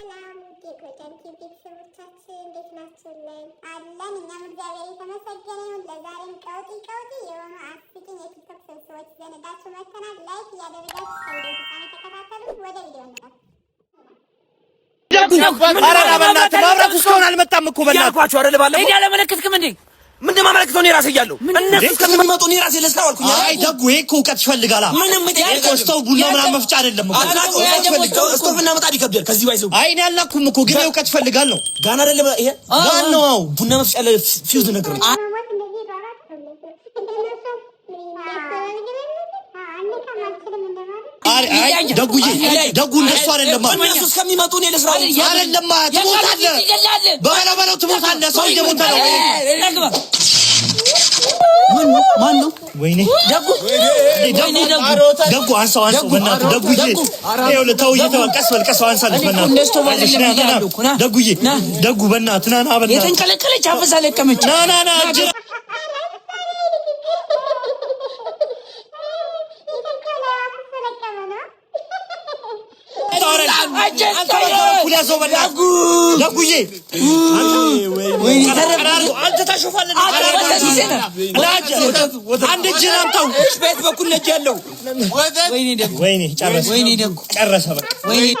ሰላም ውድ የጎጃም ቤተሰቦቻችን እንዴት ናችሁልን? አለን። እኛም እግዚአብሔር የተመሰገነ ይሁን። ለዛሬም ቀውጢ ቀውጢ የሆኑ አስቂኝ የቲክቶክ ስብስቦች ዘንዳችሁ ላይክ እያደረጋችሁ ከቪዲዮ ተከታተሉ። ወደ ቪዲዮ ኧረ በእናትህ እስካሁን አልመጣም እኮ በእናትህ እያልኳቸው አይደል ባለፈው እንዴ ምንድን ማመለክተው እኔ ራሴ እያለሁ እነሱ ከሚመጡ እኔ ራሴ ለስራ አልኩኝ። አይ ደጉ ይሄ እኮ እውቀት ይፈልጋላ ምንም ስቶቭ ቡና ምናምን መፍጫ አይደለም ስቶቭ እና ምጣድ ይከብዳል። ከዚህ ባይዘው አይ እኔ አላኩም እኮ ግን እውቀት ይፈልጋል ነው ጋና አይደለም ይሄ ጋን ነው። አዎ ቡና መፍጫ ያለ ፊውዝ ነገር ነው። ደጉዬ ደጉ እንደሱ አይደለም። እነሱ እስከሚመጡ እኔ ልስራ አይደለም። ትሞታለህ፣ በበለው በለው ትሞታለህ። ሰውዬ ሞተ ነው። ማን ነው? ወይኔ ደጉ ደጉ አንሳው፣ አንሳው በእናትህ ደጉዬ። ይኸውልህ ተውዬ፣ ተው ቀስ በል ቀስ አንሳለች በእናትህ ደጉዬ። ደጉ በእናትህ ና ና፣ በእናትህ የተንቀለቀለች አበዛ ለቀመች። ና ና ና አንድ እጅህን አምጣው። በየት በኩል ነጅ ያለው? ወይኔ ደጉ ጨረሰ በቃ።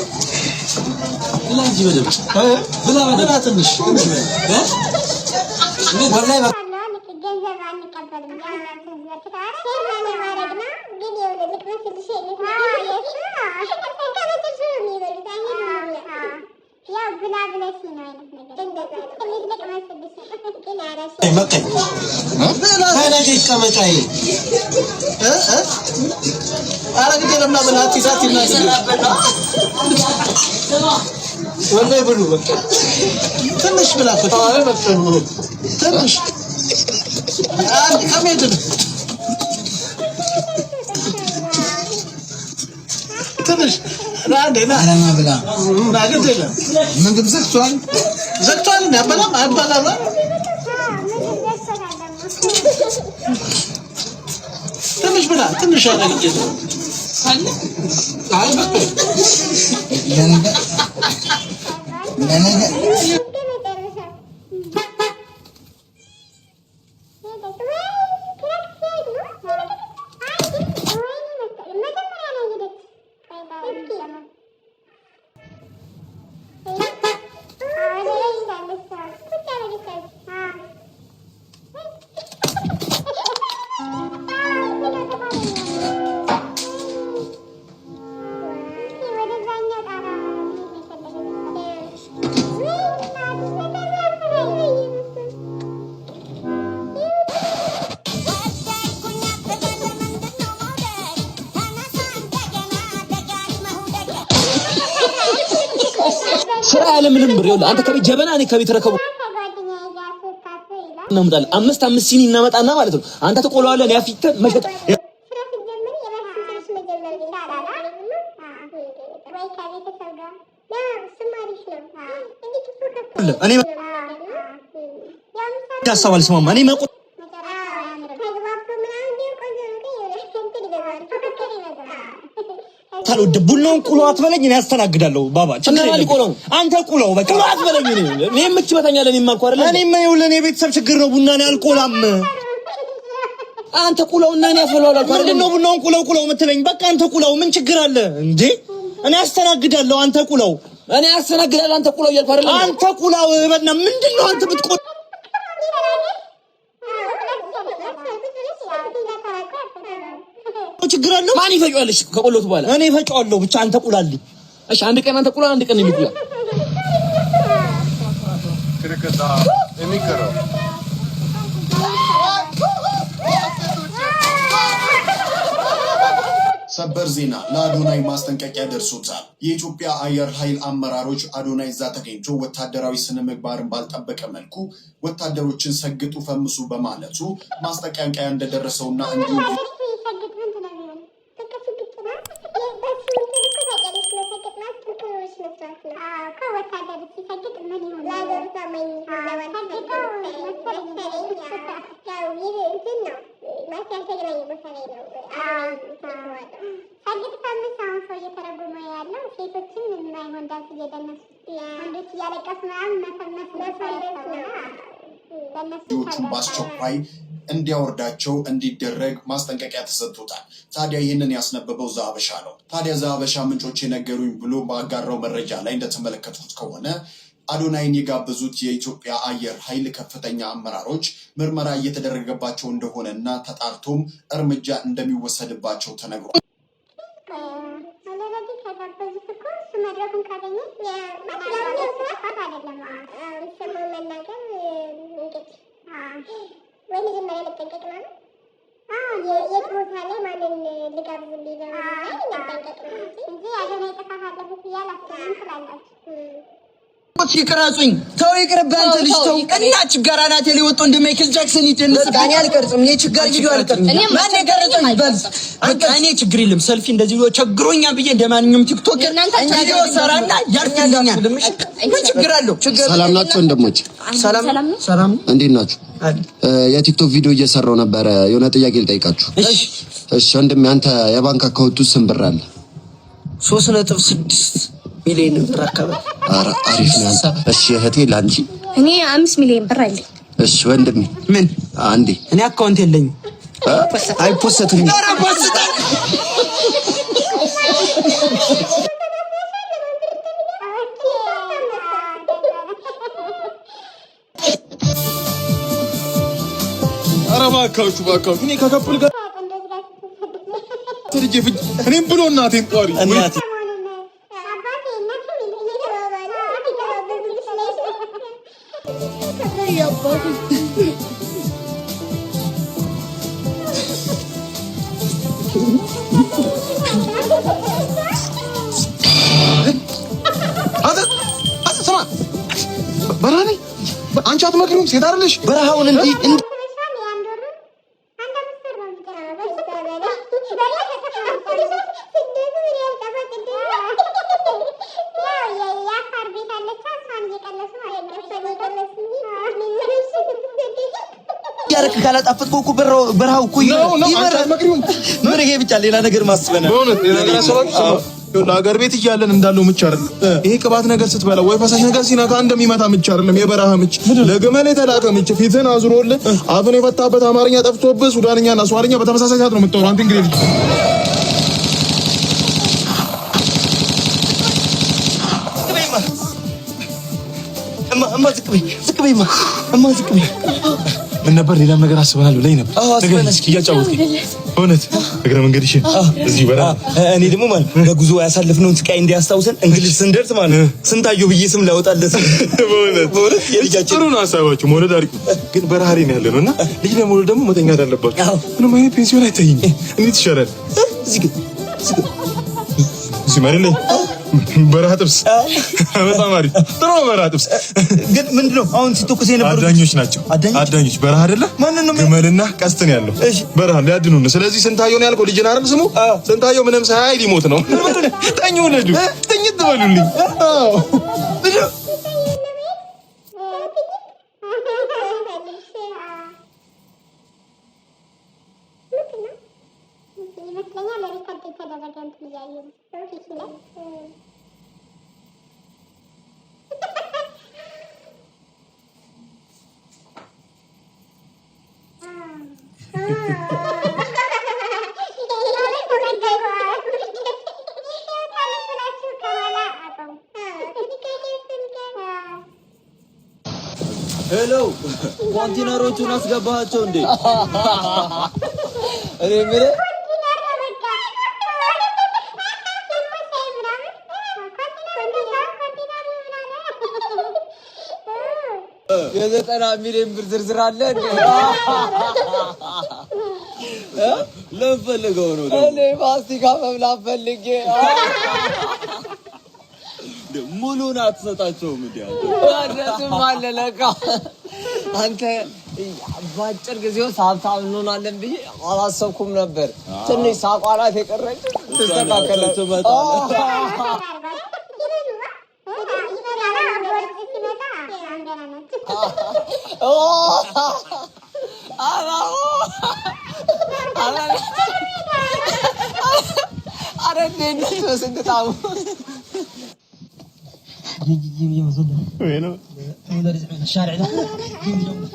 Ulan cibedim. He? Bulamadan atılmış. Olmuş mu? He? Şimdi vallahi bak. Bakın. Sana git kamatayı. Ara gidelim lan ben hatice hatice. ወላሂ ብሉ በቃ ትንሽ ብላ ትንሽ አንድ ቀሜት ትንሽ ናማ ብላ ናግድ የለም ምግብ ዘግቷል ዘግቷል። ያበላም አይባላም ትንሽ ብላ ትንሽ ያለ ግጭት አይ በቃ ನನಗೆ ያለ ምንም ብር ይኸውልህ፣ አንተ ከቤት ጀበና፣ እኔ ከቤት ረከቡ አምስት አምስት ሲኒ እናመጣና ማለት ነው። አንተ ትቆለዋለህ፣ እኔ መሸጥ እኔ ሀሳብ አልስማማ እኔ አልወድም። ቡናውን ቁሎ አትበለኝ፣ እኔ አስተናግዳለሁ። ባባ ችግር የለም። አንተ ቁሎ በቃ ቁሎ አትበለኝ። እኔ እኔም እቺ በተኛለ እኔም አልኩ እኔ እኔም ይኸውልህ፣ የቤተሰብ ችግር ነው። ቡና ነው አልቆላም። አንተ ቁሎው እና እኔ አፈላው አልኩ አይደል? ነው ቡናውን ቁሎው ቁሎው የምትለኝ በቃ አንተ ቁሎው ምን ችግር አለ እንዴ? እኔ አስተናግዳለሁ። አንተ ቁሎው እኔ አስተናግዳለሁ። አንተ ቁሎው እያልኩ አይደል? አንተ ቁሎው በእናትህ ምንድን ነው አንተ ብትቆ ችግር አለው። ማን ይፈጫዋለሽ? ከቆሎቱ በኋላ እኔ ይፈጫዋለሁ። ብቻ አንተ ቁላልኝ። እሺ፣ አንድ ቀን አንተ ቁላ፣ አንድ ቀን የሚቁላ ሰበር ዜና ለአዶናይ ማስጠንቀቂያ ደርሶታል። የኢትዮጵያ አየር ኃይል አመራሮች አዶናይ እዛ ተገኝቶ ወታደራዊ ስነ ምግባርን ባልጠበቀ መልኩ ወታደሮችን ሰግጡ ፈምሱ በማለቱ ማስጠንቀቂያ እንደደረሰውና እንዲሁ መኝታ በአስቸኳይ እንዲያወርዳቸው እንዲደረግ ማስጠንቀቂያ ተሰጥቶታል። ታዲያ ይህንን ያስነበበው ዘሀበሻ ነው። ታዲያ ዘሀበሻ ምንጮች የነገሩኝ ብሎ ባጋራው መረጃ ላይ እንደተመለከትኩት ከሆነ አዶናይን የጋበዙት የኢትዮጵያ አየር ኃይል ከፍተኛ አመራሮች ምርመራ እየተደረገባቸው እንደሆነ እና ተጣርቶም እርምጃ እንደሚወሰድባቸው ተነግሯል። ይቅረጹኝ፣ ተው ይቅርብ። አንተ ልጅ ተው እና ችግር አናቴ ላይ እንደ ማይክል ጃክሰን ይደንስ። አልቀርጽም፣ እኔ ችግር ቪዲዮ አልቀርጽም። ማን የቀረጸኝ? በልስ እኔ ችግር የለም ሰልፊ እንደዚህ ብሎ ቸግሮኛ ብዬ እንደማንኛውም ቲክቶክ ቪዲዮ ሰራና ያልፈልኛል። ምን ችግር አለው? ሰላም ናችሁ? እንደሞች ሰላም ሰላም፣ እንዴት ናችሁ? የቲክቶክ ቪዲዮ እየሰራው ነበረ። የሆነ ጥያቄ ልጠይቃችሁ። እሺ ወንድሜ አንተ የባንክ አካውንቱ ስንት ብር አለ? 3.6 ሚሊዮን ብር አካባቢ። አሪፍ ነው። እሺ እህቴ ለአንቺ እኔ አምስት ሚሊዮን ብር አለኝ። እሺ ወንድሜ ምን አንዴ እኔ አካውንት የለኝም። አይፖሰትም እባካችሁ እባካችሁ እኔ ከከፍል ጋር እኔም ብሎ እናቴን ጧሪ እናቴ አንቺ አትመክሪውም? ሴት አይደለሽ? በረሃውን እያደረክ ካላጣፈጥኩ እኮ በረሃው እኮ ይበራል። ምን ይሄ ብቻ ሌላ ነገር ማስበናል። ለሀገር ቤት እያለን እንዳለው ምች አይደለም ይሄ ቅባት ነገር ስትበላ ወይ ፈሳሽ ነገር ሲነካ እንደሚመታ ምች አይደለም። የበረሃ ምች፣ ለግመል የተላከ ምች፣ ፊትህን አዙሮልህ አፍን የፈታበት አማርኛ ጠፍቶብህ ሱዳንኛና ሷርኛ በተመሳሳይ ሰዓት ነው የምታወራው አንተ እንግዲህ እማ ዝቅ በይ እማ ዝቅ በይ ምን ነበር ሌላም ነገር አስበናል ብለኝ ነበር። እውነት እግረ መንገድ እሺ፣ እዚህ በራ እኔ ደግሞ ማለት በጉዞ ያሳለፍነውን ስቃይ እንዲያስታውሰን እንግሊዝ ስንደርስ ማለት ስንታየው ብዬ ስም ላወጣለት። ጥሩ ነው ሀሳባችሁ። መውለድ አሪፍ ግን በረሃ ላይ ነው ያለ ነው እና ልጅ ለመውለድ ደግሞ መተኛት አለባችሁ። ምንም አይነት ፔንሲዮን አይተኝም። እንዴት ይሻላል እዚህ ግን በረሃ ጥብስ በጣም አሪፍ ጥሩ ነው። በረሃ ጥብስ ግን ምንድነው አሁን ሲተኩስ የነበሩት አዳኞች ናቸው። አዳኞች በረሃ አይደለ ነው ግመልና ቀስት ነው ያለው በረሃ ሊያድኑ ነው። ስለዚህ ስንታየው ነው ያልከው? ልጅን አይደል ስሙ ስንታየው። ምንም ሳያይ ሊሞት ነው። ተኙ ልጁ ተኝት በሉልኝ ሄሎ፣ ኮንቲነሮቹን አስገባቸው እንዴ? እኔ የምልህ የዘጠና ሚሊዮን ብር ዝርዝር አለ። ለምፈልገው ነው። እኔ ማስቲካ መብላት ፈልጌ ሙሉን አትሰጣቸውም። እንዲ አለ ለካ አንተ በአጭር ጊዜ ውስጥ ሀብታም እንሆናለን ብዬ አላሰብኩም ነበር። ትንሽ ሳቋላት የቀረች ትስተካከለ ትመጣለህ Denise, você ainda tá um. جيب يوم وينو؟ مدرس الشارع ده جيب يوم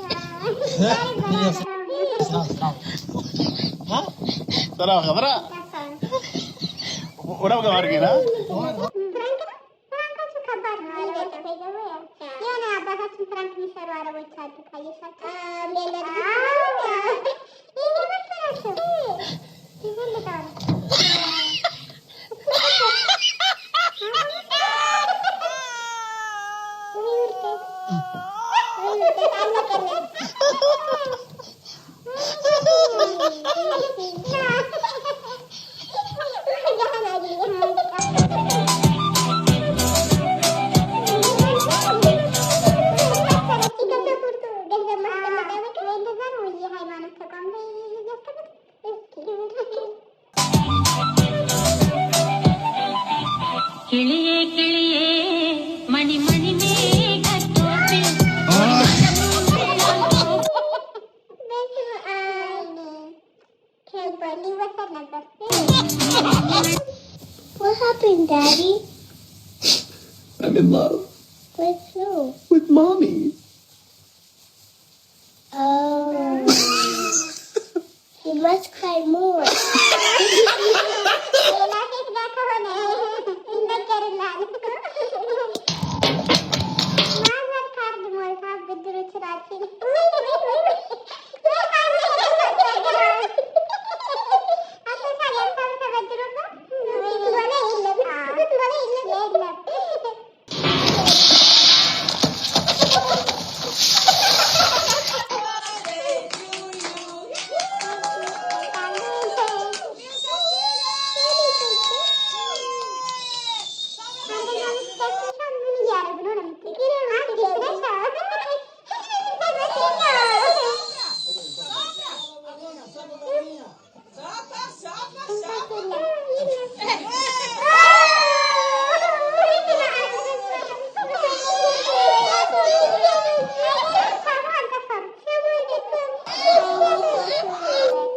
ها؟ صراحة خضراء ورا بقى عارقين ها؟ አባታችን ፍራንክ የሚሰሩ አረቦች አሉ ካየሻቸው ሌላ Yeah.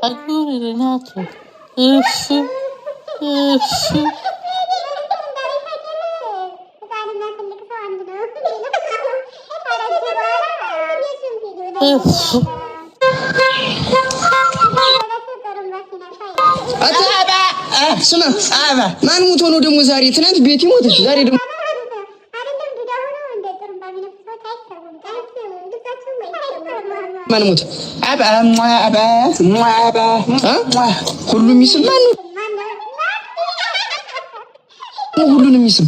Alkol Renato. Üf. Üf. Üf. አቶ አባ ስማ አባ ማን ሙት ሆኖ ደግሞ ዛሬ ትናንት ቤት ይሞተች ዛሬ ደግሞ መንሙት ሁሉም ይስም ማነው? ሁሉንም ይስም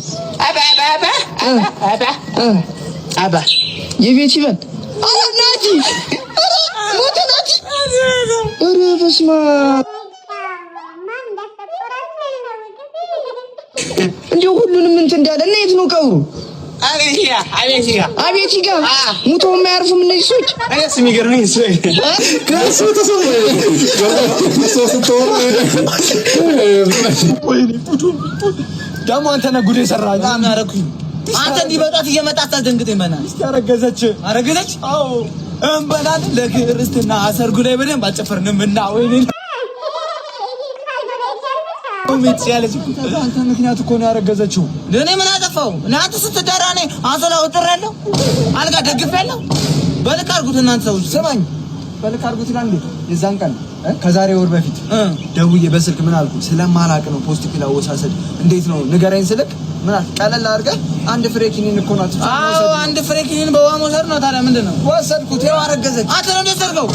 አባ የቤት ይበል ናቲ ሞተ ናቲ ኧረ በስመ አብ እንዲሁ ሁሉንም እንትን እንዳለ እና የት ነው ቀብሩ? አቤት ይጋ ሙቶ የማያርፉም እነዚህ ሰዎች። እኔስ የሚገርመኝ ደግሞ አንተ ነህ ጉድ የሰራኸኝ። አንተ እንዲህ በጧት እየመጣህ አታስደንግጠኝ። በእናትህ አረገዘች፣ አረገዘች እምበላት ለክርስትና ሰርጉ ላይ በደንብ አልጨፈርንም እና ወይኔ ቁሚት ሲያለች አንተ ምክንያት እኮ ነው ያረገዘችው። እኔ ምን አጠፋው? ለአንተ ስትዳራ እኔ አንሶላ ወጥሬያለሁ፣ አልጋ ደግፌያለሁ። በልክ አድርጉት እናንተ ሰዎች ስማኝ፣ በልክ አድርጉት ይላል። የዛን ቀን ከዛሬ ወር በፊት ደውዬ በስልክ ምን አልኩ? ስለማላቅ ነው ፖስት ፒል አወሳሰድ እንዴት ነው ንገረኝ ስልክ ምን ቀለል አድርገህ አንድ ፍሬ ኪኒን እኮ ናት። አዎ አንድ ፍሬ ኪኒን በውሃ መውሰድ ነው። ታዲያ ምንድን ነው ወሰድኩት። ይኸው አረገዘች። አንተ ነው እንደሰርገው።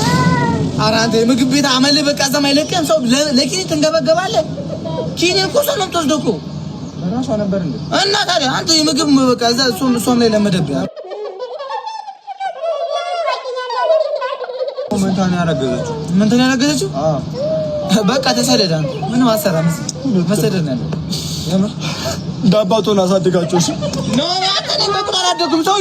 ኧረ አንተ የምግብ ቤት አመልህ በቃ ዘማ ይለቀም ሰው ለኪኒ ትንገበገባለህ። ኪኒ እኮ እሷ ነው የምትወስደው እኮ በራሷ ነበር እንዴ? እና ታዲያ አንተ የምግብ በቃ እዛ እሷም ላይ ለመደብህ ምንትን ያረገዘችው ምንትን ያረገዘችው በቃ ተሰደደ። ምንም አሰራ መሰደድ ነው ያለው። ዳባቶን አሳድጋቸው እሺ። ሰው